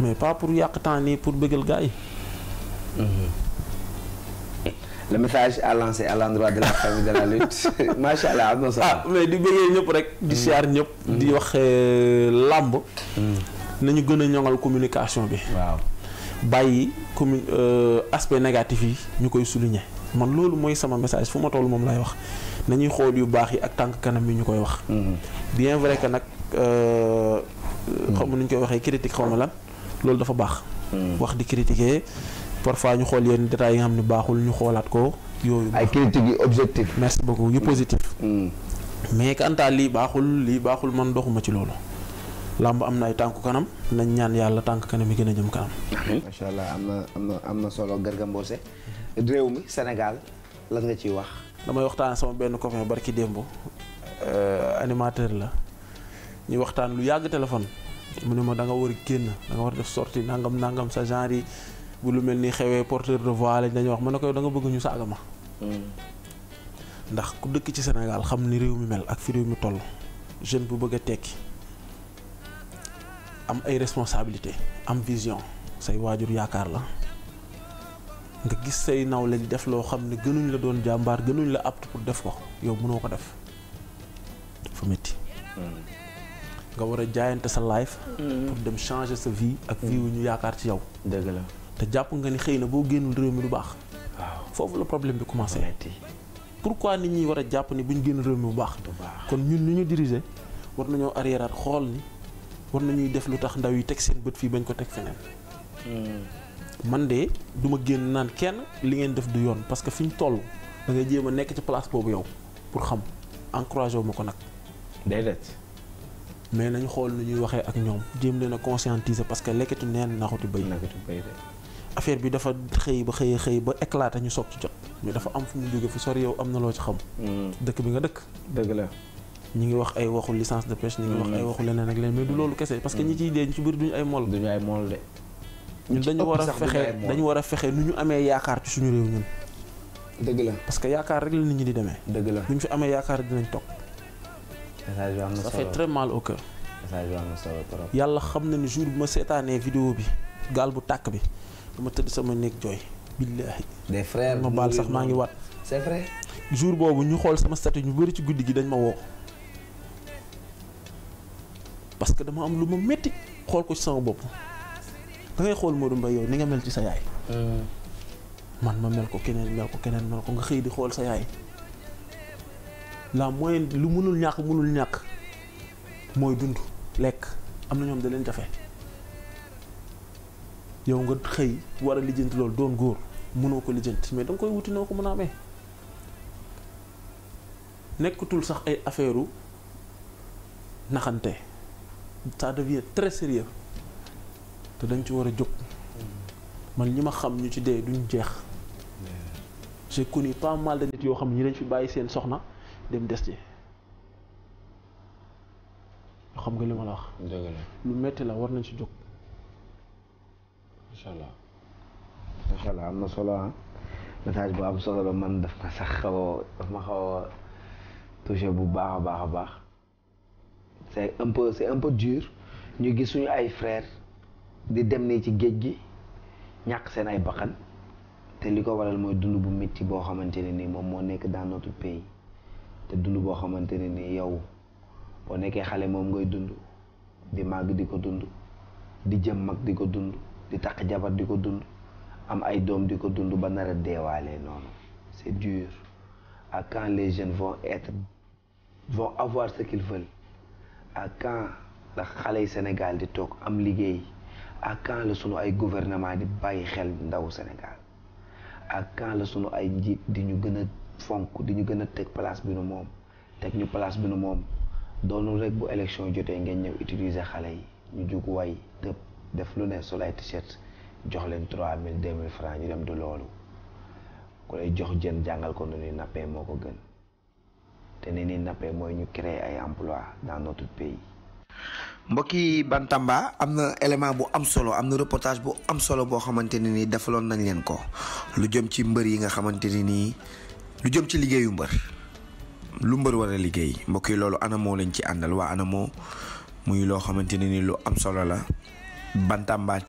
mais pas pour yàq temps nii pour bëggal gars yi. message à lancer à l'endroit de la famille de la lutte macha allah am na solo ah mais di bëggee ñëpp rek. di mm. siyaar ñëpp. Mm. di wax euh, làmb. Mm. nañu gën a ñoŋal communication bi. waaw bàyyi commun euh, aspect négatif yi ñu koy souligner man loolu mooy sama message fu ma toll moom lay wax na ñuy xool yu baax yi ak tànk kanam yi ñu koy wax. bien vrai que nag. Euh, xaw ma nu ñu koy waxee critique xaw ma lan. loolu dafa baax. Hmm. wax di critiquer parfois ñu xool yenn détails yi nga xam ne baaxul ñu xoolaat ko yooyu. ay critiques yu objectif. merci beaucoup yu positif. Hmm. mais kanta lii baaxul lii baaxul man doxuma ci loolu. làmb am na ay tànku kanam nañ ñaan yàlla tànk kanam yi gën a jëm kanam. macha allah am na am am na solo Garga Mbossé réew mi Sénégal lan nga ciy wax. damay waxtaan sama benn copain barki démb euh, animateur la ñuy waxtaan lu yàgg téléphone. mu ne ma danga nga war a génn da war a def sortie nangam nangam sa genre yi bu lu mel ni xewee porteur de voix lañ dañuy wax ma ne ko da bëgg ñu saaga ma. Hmm. ndax ku dëkk ci Sénégal xam ni réew mi mel ak fi réew mi toll jeune bu bëgg a tekki am ay responsabilité am vision say waajur yaakaar la nga gis say nawle di def loo xam ne gënuñ la doon jàmbaar gënuñ la apte pour def ko yow mënoo ko def dafa métti. Hmm. nga war a jaayante sa life. Mm-hmm. pour dem changer sa vie ak vie wu ñu yaakaar ci yow. dëgg la te jàpp nga ni xëy na boo génnul réew mi du baax. waaw foofu la problème bi commencé. pourquoi nit ñi war a jàpp ni buñ ñu génn réew mi bu baax. kon ñun ni ñu diriger war nañoo arriéraat xool ni war nañuy def lu tax ndaw yi teg seen bët fii bañ ko teg feneen. Mm-hmm. man de du ma génn naan kenn li ngeen def du yoon parce que fi ñu toll da ngay jéem a nekk ci place boobu yow pour xam encouragé wu ma ko nag. mais nañu xool nu ñuy waxee ak ñoom jéem leen a conscientiser parce que lekkitu neen naxuti béy. naxuti béy affaire bi dafa xëy ba xëyee xëy ba éclaté ñu soog ci jot. mais dafa am fu ñu jóge fu sori yow am na loo ci xam. Mm. dëkk bi nga dëkk. dëgg la. ñi ngi wax ay waxu licence de pêche. ñi ngi wax mm. ay waxu leneen ak leneen mais du loolu kese. parce que ñi mm. ciy dee ñu ci bëri duñu ay mol. duñu ay mol de. ñun dañu war a fexe dañu war fexe nu ñu amee yaakaar ci suñu réew ñun. dëgg la parce que yaakaar rek la nit ñi di demee. dëgg la bu ñu fi yaakaar dinañ toog message bi am na solo ça mal au cœur. yàlla xam na ni jour bu ma seetaanee vidéo bi gaal bu tàkk bi dama tëdd sama néeg jooy. billaahi des frères ma baal sax maa ngi waat. c'est vrai. jour boobu ñu xool sama statut ñu bari ci guddi gi dañ ma woo. parce que dama am lu ma metti xool ko ci sama bopp da ngay xool Modou Mbaye yow ni nga mel ci sa yaay. Euh. man ma mel ko keneen mel ko keneen mel ko nga xëy di xool sa yaay. la moyenne lu mënul ñàkk mënul ñàkk mooy dund lekk am na ñoom da leen jafe yow nga xëy war a lijjanti loolu doon góor mënoo ko lijjanti mais da koy wuti noo ko mën a amee nekkatul sax ay affaire naxante ça devient très sérieux te dañ ci war a jóg man ñi ma xam ñu ci dee duñ jeex j'ai connu pas mal de nit yoo xam ne ñi dañ fi bàyyi seen soxna dem des ci xam nga li ma la wax. lu metti la war nañ si jóg. incha am na solo ah message bu solo la man daf ma sax xaw a daf ma xaw a bu baax a baax a baax c'est un peu c'est dur ñu gis suñu ay frères di dem nii ci géej gi ñàkk seen ay bakkan te li ko waral mooy dund bu métti boo xamante ne nii moom moo nekk dans notre pays. te dund boo xamante ne ni yow boo nekkee xale moom ngay dund di màgg di ko dund di jëm mag di ko dund di takk jabar di ko dund am ay doom di ko dund ba nar a deewaalee noonu c'est dur à quand les jeunes vont être vont avoir sa qu'ils veulent à quand la xale yu Sénégal di toog am liggéey à quand la sunu ay gouvernement di bàyyi xel ndaw Sénégal à quand la sunu ay njiit di ñu gën a fonk di ñu gën a teg place bi nu moom teg ñu place bi nu moom doonul rek bu élection jotee ngeen ñëw utiliser xale yi ñu jug way tëb def lu ne sol ay t jox leen trois mille deux mille francs ñu dem du loolu ku lay jox jën jàngal ko nu ñuy nappee moo ko gën te ni nappee mooy ñu créer ay emploi dans notre pays. mbokki Bantamba am na élément bu am solo am na reportage bu am solo boo xamante ne ni defaloon nañ leen ko lu jëm ci mbër yi nga xamante nii. lu jëm ci liggéeyu mbër lu mbër war liggéey mbokk yi loolu anamoo lañ ci àndal waa anamoo muy loo xamante ne ni lu am solo la Bantamba